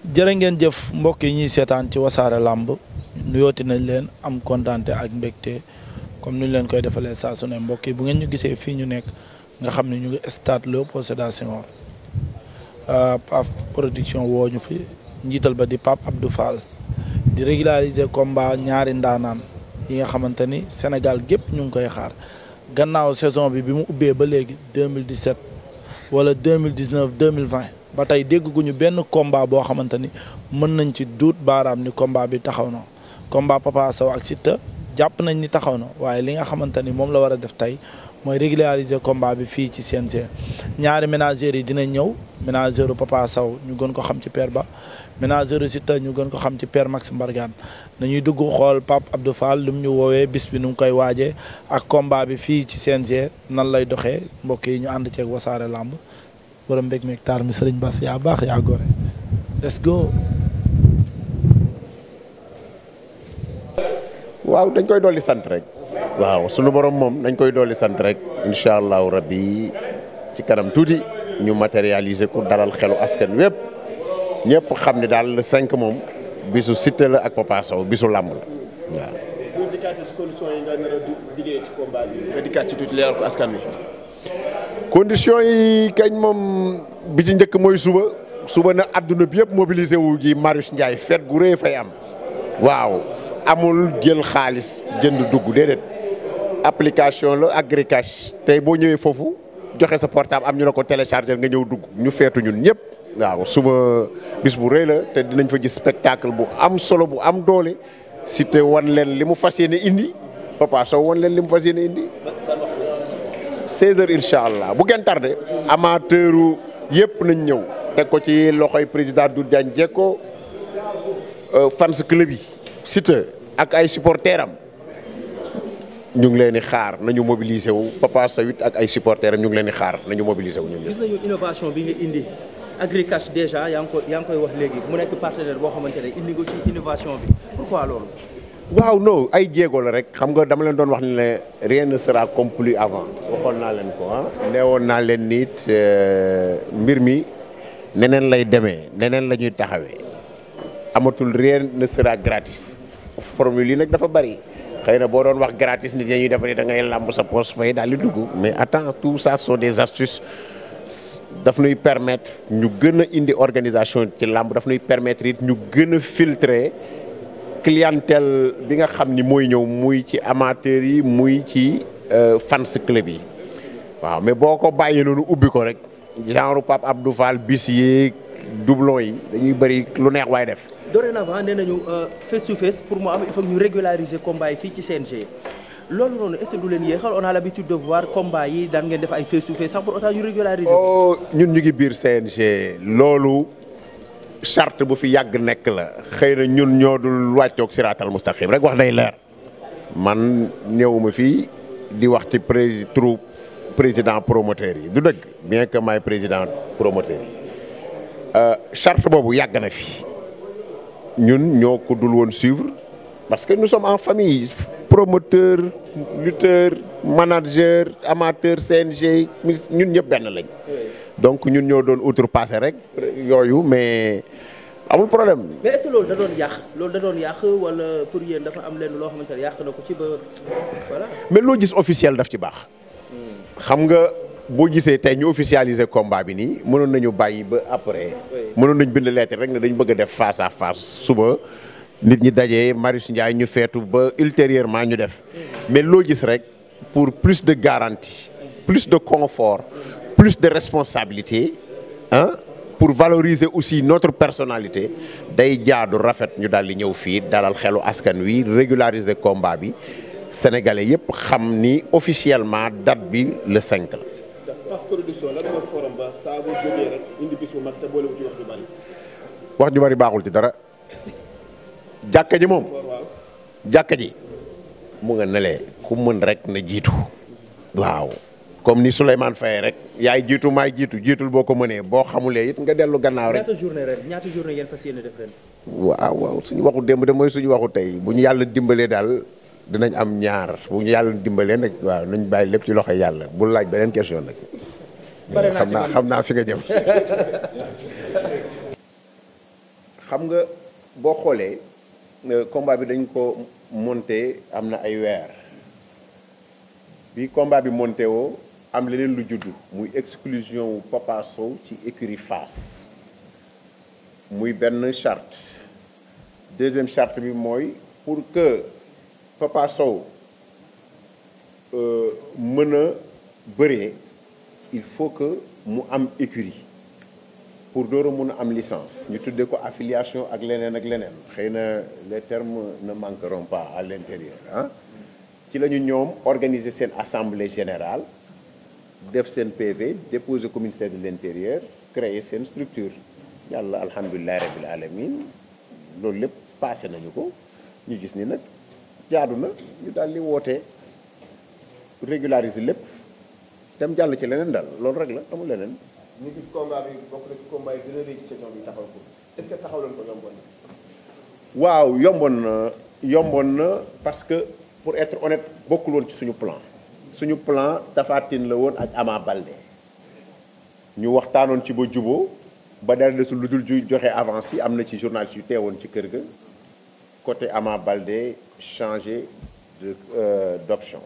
jërë ngeen jëf mbokk yi ñuy seetaan ci wasaare làmb nuyooti nañ leen am kontaante ak mbégte comme ni ñu leen koy defalee saa su ne mbokk yi bu ngeen ñu gisee fii ñu nekk nga xam ne ñu ngi stade Léopold Sédar Senghor euh, PAF production woo ñu fi njiital ba di Pape Abdou Fall di régulariser combat ñaari ndaanaan yi nga xamante ni Sénégal gépp ñu ngi koy xaar gannaaw saison bi bi mu ubbee ba léegi 2017 wala 2019 2020. ba tey dégguñu benn combat boo xamante ni mën nañ ci duut baaraam ni combat bi taxaw na combat Papa saw ak Siteu jàpp nañ ni taxaw na waaye li nga xamante ni moom la war a def tey mooy régulariser combat bi fii ci CNG ñaari ménageurs yi dinañ ñëw ménageur Papa saw ñu gën ko xam ci per Ba ménageur Siteu ñu gën ko xam ci per Max Mbargane nañuy dugg xool pap Abdou Fall lu mu ñu woowee bis bi nu koy waajee ak combat bi fii ci CNG nan lay doxee mbokk yi ñu ànd ceeg wasaare làmb borom mbég meeg taar mi sëriñ Bass yaa baax yaa gore let's go. waaw dañ koy dolli sant rek. waaw sunu borom moom dañ koy dolli sant rek incha allahu rabbi ci kanam tuuti ñu matérialiser ko daral xelu askan wépp ñëpp xam ne daal cinq moom bisu Siteu la ak Papa Sow bisu làmb la waaw. wi. condition yi kañ moom bi ci njëkk mooy suba suba na àdduna bi yëpp mobilisé wu ji Marius Ndiaye fête gu rëy fay am waaw amul jël xaalis jënd dugg déedéet application la agricash tey boo ñëwee foofu joxe sa portable am ñu la ko télécharger nga ñëw dugg ñu feetu ñun ñëpp waaw suba bis bu rëy la te dinañ fa gis spectacle bu am solo bu am doole si te wan leen li mu fas yéene indi Papa Sow wan leen li mu fas yéene indi 16 heures incha allah bu kenn tardé amateur yëpp nañ ñëw teg ko ci loxoy président Doudou Diagne Diecko euh, fans club yi sita ak ay supporters am ñu ngi leen di xaar nañu mobiliser wu Papa Sow ak ay supporters am ñu ngi leen xaar nañu mobiliser wu ñoom ñëpp. nañu innovation bi nga indi Agricash déjà yaa ngi koy yaa ngi koy wax léegi mu nekk partenaire boo xamante ne indi nga ci innovation bi pourquoi loolu. waaw no ay jéego la rek xam nga dama leen doon wax ne rien ne sera comme plus avant waxoon naa leen ko ah neewoon naa leen nit euh, mbir mi neneen lay demee neneen la ñuy taxawee amatul rien ne sera gratis formule yi nag dafa bari xëy na boo doon wax gratis nit ñi ñuy def ni da ngay làmb sa poche fay daal di dugg mais attends tout ça sont des astuces daf nuy permettre ñu gën a indi organisation ci làmb daf nuy permettre it ñu gën a filtrer clientèle bi nga xam ni mooy ñëw muy ci amateurs yi muy ci euh, fans club yi waaw mais boo ko bàyyi noonu ubbi ko rek genre Pape Abdou Fall bis yi doublon yi dañuy bëri lu neex waay def. dorénavant nee nañu euh, face to face pour mu am il ñu régulariser combat yi fii ci CNG loolu noonu est-ce que du leen yéexal on la l'habitude de voir combat yi daan ngeen def ay face to face sans pour autant ñu régulariser. Oh, ñun ñu ngi biir CNG loolu. charte bu fi yàgg nekk la xëy na ñun ñoo dul wàccoog siraatal mustaqim rek wax day leer man ñëwuma fi di wax ci pré trou président promoteur yi du dëgg bien que maay président promoteur yi euh, charte boobu yàgg na fi ñun ñoo ko dul woon suivre parce que nous sommes en famille promoteur lutteur manager amateur CNG ñun ñëpp benn lañ. donc ñun ñoo doon outrepassé rek yooyu mais amul problème. mais yàq loolu da yàq wala pour yéen dafa am lenn loo xamante ne ko ci ba gis officiel daf ci baax. xam nga boo gisee tey ñu officialiser combat bi nii mënoon nañu bàyyi ba après. mënoon nañu bind lettre rek ne dañu bëgg a def face à face suba. nit ñi daje Marius Ndiaye ñu feetu ba ultérieurement ñu def mais loo gis rek pour plus de garantie plus de confort plus de responsabilité ah pour valoriser aussi notre personnalité day jaadu rafet ñu daal di ñëw fii dalal xelu askan wi régulariser komba bi sénégalais yëpp xam ni officiellement date bi le cinq la. wax ju bari baaxul ci dara. jàkka ji moom jàkka ji mu nga nelee ku mën rek na jiitu waaw comme ni Souleymane Faye rek yaay jiitu maay jiitu jiitul boo ko mënee boo xamulee it nga dellu gannaaw rek. ñaata journée ren ñaata journée ngeen fas yéene def ren. waaw waaw suñu waxu démb de mooy suñu waxu tey bu ñu yàlla dimbalee daal dinañ am ñaar bu ñu yàlla dimbalee nag waaw nañ bàyyi lépp ci loxo yàlla bu laaj beneen question nag. xam naa xam naa fi nga jëm. xam nga boo xoolee. Euh, combat bi dañ ko monté am na ay weer bi combat bi monté am leneen lu juddu muy exclusion wu Papa Sow ci écurie Fass muy benn chart deuxième chart bi mooy pour que Papa Sow euh, mën a bëree il faut que mu am écurie pour door a mun a am licence ñu tuddee ko affiliation ak leneen ak leneen xëy na les termes ne manqueront pas à l'intérieur ah ci la ñu ñoom organiser seen assemblée général def seen PV déposer ko ministère de l'intérieur créer seen structure yàlla alhamdulilah rabbil alamin loolu lépp passé nañu ko ñu gis ni nag jaadu na ñu daal di woote régulariser lépp dem jàll ci leneen daal loolu rek la amul leneen ñu gis combat bi bokk bi taxaw est-ce que taxawloon ko yomboon na. waaw yomboon na yomboon na parce que pour être honnête bokkul woon ci suñu plan. suñu plan Tapha la woon ak Ama Baldé ñu waxtaanoon ci ba jubo ba dal desul lu jul ju joxe avance yi am na ci journaliste yu teewoon ci kër gi côté Ama Baldé changé de euh, d'option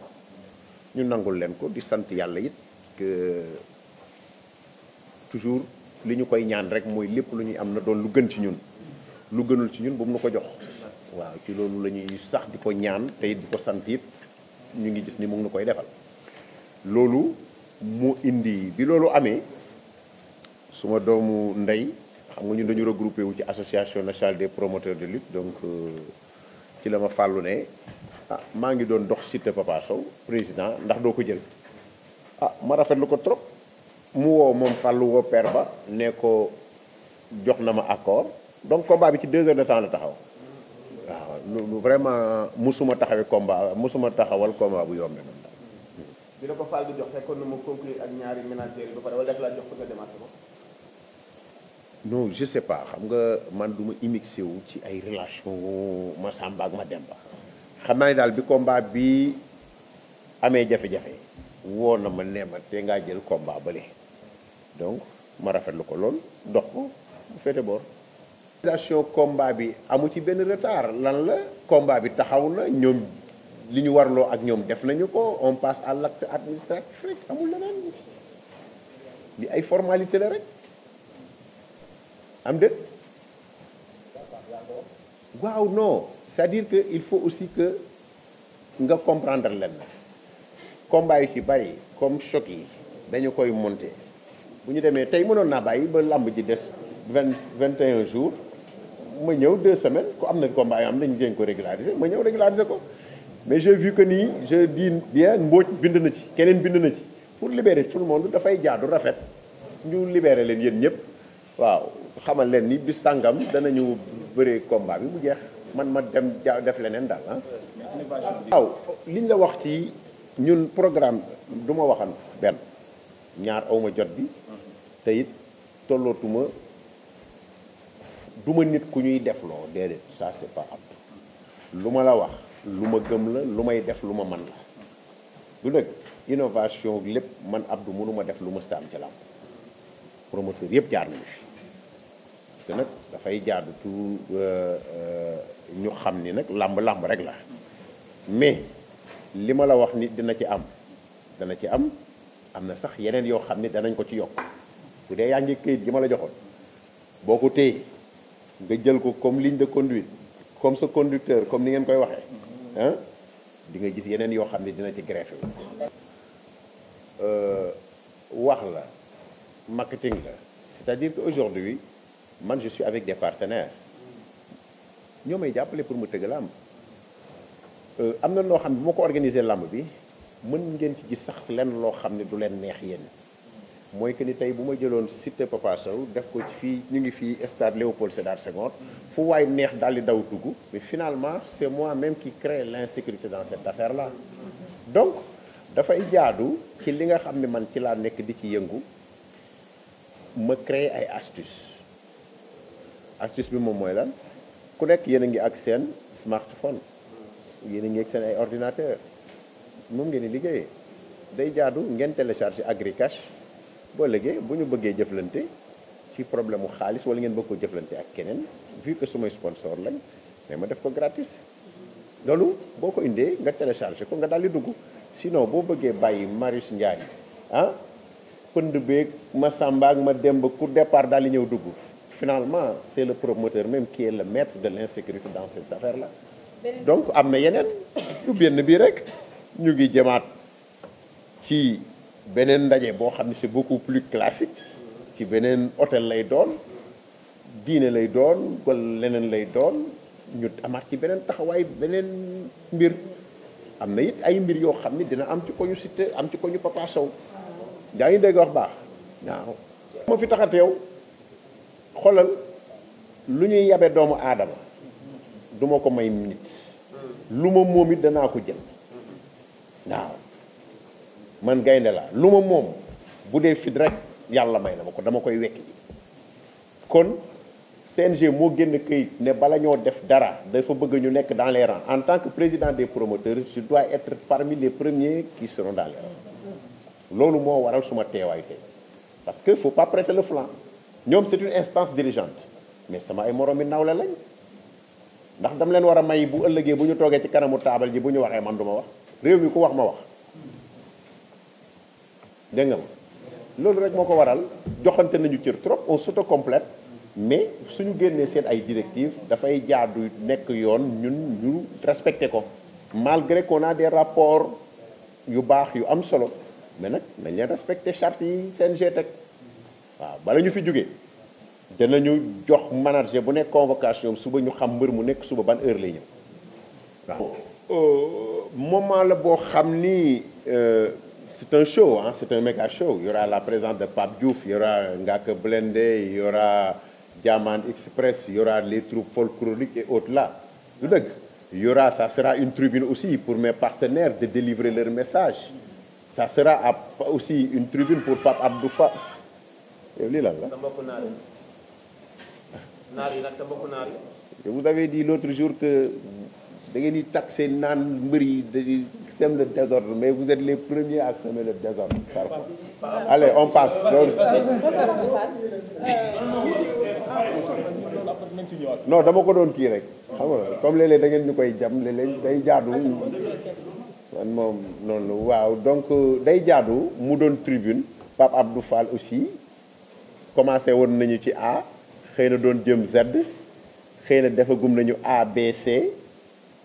ñu nangul leen ko di sant yàlla yit toujours li ñu koy ñaan rek mooy lépp lu ñuy am na doon lu gën ci ñun lu gënul ci ñun bu mu nu ko jox waaw ci loolu la ñuy sax di ko ñaan te it di ko sant it ñu ngi gis ni mu ngi koy defal loolu mu indi bi loolu amee suma doomu ndey xam nga ñu dañu regrouper wu ci association nationale des promoteur de lutte donc euh, ci la ma fàllu ne ah, maa ngi doon dox Siteu Papa président ndax doo ko jël ah ma rafet rafetlu ko trop mu woo moom fàll woo per ba ne ko jox na ma accord donc combat bi ci deux heures de temps la taxaw waaw lu vraiment musuma taxawee combat musuma taxawal combat bu yombe man la ko di jox fekkoon na mu conclure ak ñaari ménageries yi ba pare wala def laa demaat ko. non je sais pas xam nga man du ma immixé wu ci ay relation ma Samba ak ma Demba xam naa ni daal bi combat bi amee jafe-jafe woo na ma ne ma te ngaa jël combat bële. donc ma rafetlu ko lool dox ko bu féete boor. bi amu ci benn retard lan la combat bi taxaw na ñoom li ñu warloo ak ñoom def nañu ko on passe à l' acte administratif rek amul leneen li ay la rek am déet waaw non il faut aussi nga comprendre lenn combat yu ci bari comme choc yi dañu koy monter. bu ñu demee tey mënoon naa bàyyi ba làmb ji des vingt vingt et un jours ma ñëw deux semaines ku am na combat yoo am dañu jéem ko régulariser ma ñëw régulariser ko mais j'ai vu que nii je dis bien mbooj bind na ci keneen bind na ci pour libérer tout le monde dafay jaadu rafet ñu libérer leen yéen ñëpp waaw xamal leen ni bis sàngam danañu bëree combat bi mu jeex man ma dem ja def leneen daal ah. liñ la wax ci ñun programme duma ma waxan benn ñaar awma jot bi. te it tollootuma du ma nit ku ñuy defloo déedéet ça c'est pas apte lu ma la wax lu ma gëm la lu may def lu ma man la du dëgg innovation lépp man Abdou mënuma def lu mësta am ci làmb promoteur yëpp jaar nañu fi parce que nag dafay jaadu tout euh, euh, ñu xam ni nag làmb làmb rek la mais li ma la wax nit dina ci am dana ci am am na sax yeneen yoo xam ni danañ ko ci yokk bu dee yaa ngi këyit gi ma la joxoon boo ko téye nga jël ko comme ligne de conduite comme sa comme ni ngeen koy waxee ah di nga gis yeneen yoo xam ne dina ci greffe euh, wax la marketing la c'est-à-dire que aujourd'hui man je suis avec des partenaires ñoo may jàppale pour mu tëgg làmb euh, am na noo xam ne bu ma ko organiser làmb bi mën ngeen ci gis sax lenn loo xam ne du leen neex yéen mooy que ni tey bu ma jëloon cité Papa Sow def ko ci fii ñu ngi fii stade Léopold Sédar Senghor fu waay neex daal di daw dugg mais finalement c'est moi-même qui crée l'insécurité dans cette affaire-là donc dafay jaadu ci li nga xam ne man ci laa nekk di ci yëngu ma créer ay astuces astuce bi moom mooy lan ku nekk yéen a ngi ak seen smartphone yéen a ngi ak seen ay ordinateur moom ngeen di liggéeyee day jaadu ngeen télécharger Agricash boo léegi bu ñu bëggee jëflante ci problème mu xaalis wala ngeen bëgg ko jëflante ak keneen vu que sumay sponsor lañ mais ma def ko gratis loolu boo ko indee nga téléchargé ko nga daal di dugg sinon boo bëggee bàyyi Marius Ndiaye ah pënd beeg ma Samba ak ma Demba ku départ daal di ñëw dugg finalement c'est le promoteur même qui est le mètre de l'insécurité dans cette affaire là donc am na yeneen lu benn bii rek ñu ngi jëmaat ci beneen ndaje boo xam ne c'est beaucoup plus classique ci beneen hôtel lay doon diine lay doon wala leneen lay doon ñu amaat ci beneen taxawaay beneen mbir am na it ay mbir yoo xam ne dina am ci ko ñu Siteu am ci ko ñu Papa Sow yaa ngi dégg wax baax waaw ma fi taxate yow xoolal lu ñuy yabe doomu aadama duma ko may nit lu ma moom it danaa ko jël waaw man gaynde la lu ma moom bu dee fit rek yàlla may na ma ko dama koy wekki kon CNG moo génn këyit ne bala ñoo def dara dafa bëgg ñu nekk dans les rangs en tant que président des promoteurs je dois être parmi les premiers qui seront dans les loolu moo waral suma teewaay tey parce que faut pas prêter le flanc ñoom c'est une instance dirigeante mais sama ay moroomi nawle lañ ndax dam leen war may bu ëllëgee bu ñu toogee ci kanamu taabal ji bu ñu waxee man du ma wax réew mi ku wax ma wax dégg nga ma loolu rek moo ko waral joxante nañu cër trop soto complet mais suñu génnee seen ay directives dafay jaadu nekk yoon ñun ñu respecté ko malgré qu'on naa des rapport yu baax yu am solo mais nag nañ leen respecté charte yi seen teg waaw bala ñu fi jógee danañu jox manager bu nekk convocation suba ñu xam mbër mu nekk suba ban heure lay ñëw euh, moment la boo xam nii euh, c'est un show, hein, c'est un méga show. Il y aura la présence de Pape Diouf, il y aura Ngaka Blende, il y aura Diamant Express, il y aura les troupes folkloriques et autres là. Il y aura, ça sera une tribune aussi pour mes partenaires de délivrer leur message. Ça sera aussi une tribune pour Pape Abdoufa. Vous avez dit l'autre jour da ngeen di taxé naan mbër yi dañuy sème le désordre mais vous êtes les premier à semer le désordre parfois allez on passe loolu non dama ko doon kii rek xam comme léeg-léeg da ngeen ñu koy jam léeg-léeg day jaadu man moom waaw donc day jaadu mu doon tribune Pape Abdou Fall aussi commencé woon nañu ci A xëy na doon jëm Z xëy na defagum nañu A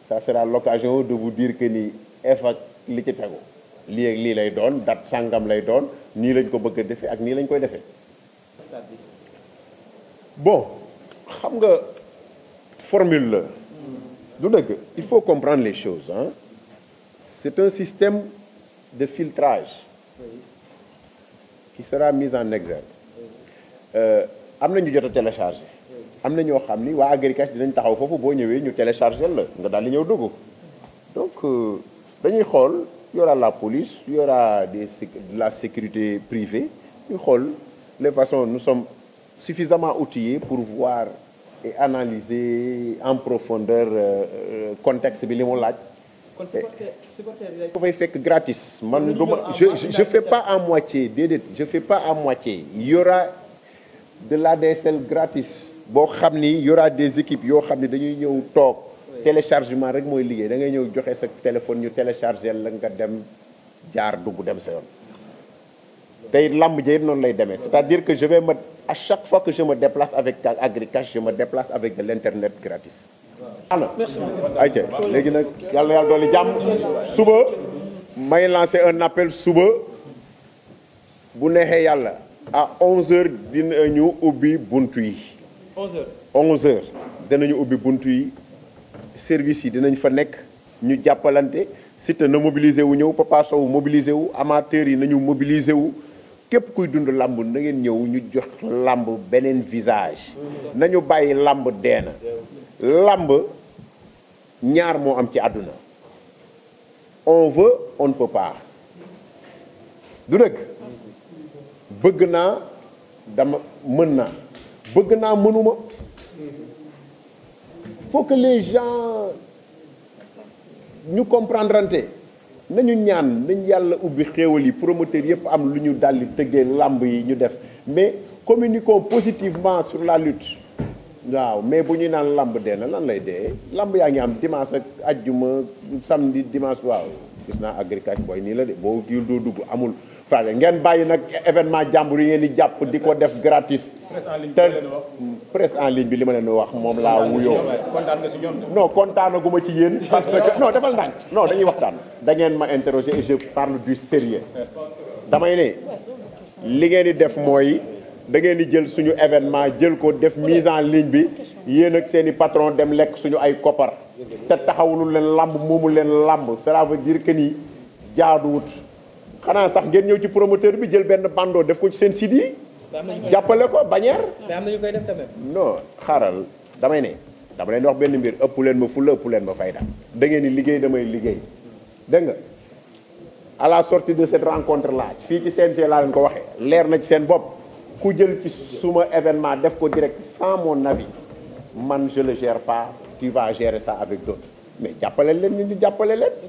ça sera l'occasion de vous dire que ni ef ak li ci tegu lii lii lay doon dat sàngam lay doon nii lañ ko bëgg a defee ak nii lañ koy defee bon xam nga formule la du dëgg il faut comprendre les choses hein c'est un système de filtrage qui sera mis en exergue euh, am na ñu jot a télécharger am na ñoo xam ni waa Agricash dinañ taxaw foofu boo ñëwee ñu téléchargé la nga daal di ñëw dugg donc euh, dañuy xool y la police y aura des de la sécurité privée ñu xool les façons nous sommes suffisamment outillés pour voir et analyser en profondeur euh, euh, contexte bi li mu laaj. kon supporter fay fekk gratis. man du ma je je fais pas à moitié déedéet je fais pas à moitié y de la l'ADSL gratis boo xam ni y des équipes yoo xam ni dañuy ñëw toog téléchargement rek mooy liggéey da ngay ñëw joxe sa téléphone ñu télécharger la nga dem jaar dugg dem sa yoon tey làmb ja yëpp noonu lay demee c'est-à-dire que je vais me chaque fois que je me déplace avec Agricash je me déplace avec de l'internet gratis ana ayca léegi nag yàlla na yàlla doole jàmm suba may lancer un appel suba bu neexee yàlla à 11h dinañu ubbi buntu yi. 11h 11h danañu ubbi buntu yi service yi dinañ fa nekk ñu jàppalante Siteu na mobiliser wu ñëw Papa Sow mobiliser wu amateurs yi nañu mobiliser wu. képp kuy dund làmb na ngeen ñëw ñu jox làmb beneen visage nañu bàyyi làmb dee na làmb ñaar moo am ci àdduna on veut on ne peut pas du dëgg bëgg naa dama mën naa bëgg naa mënuma faut que les gens ñu comprendre nañu ñaan nañ yàlla ubbi xéewal yi promoteur yëpp am lu ñu daldi tëggee làmb yi ñu def mais communiquons positivement sur la lut waaw mais bu ñu naan làmb dee na lan lay dee làmb yaa ngi am dimanche ak ajjuma samedi dimanche waaw gis naa agriculture booy nii la de boo yul doo dugg amul fale ngeen bàyyi nag événement jàmbur yi ngeen di jàpp di ko def gratis. te presse en ligne bi li ma leen wax moom laa wuyoo. kontaan nga si ñoom non kontaanaguma ci yéen. parce que non defal ndànk non dañuy waxtaan. da ngeen ma interroger et je parle du sérieux damay ne li ngeen di def mooy da ngeen di jël suñu événement jël ko def mise en ligne bi yéen ak seen i patron dem lekk suñu ay koppar. te taxawulul leen làmb moomul leen làmb cela veut dire que ni jaaduwut. xanaa sax gen ñëw ci promoteur bi jël benn bandeau def ko ci seen site yi. jàppale ko bannière. mais am na ñu koy def tamit. non xaaral damay ne dama leen benn mbir ëpp leen ma fulla ëpp leen ma fayda. da ngeen di liggéey damay liggéey dégg nga à la sortie de cette rencontre la fii ci CNG laa leen ko waxee leer na ci seen bopp ku jël ci suma événement def ko direct sans mon avis man je le gère pas tu vas gérer ça avec d'autres mais jàppale leen ñu jàppale leen.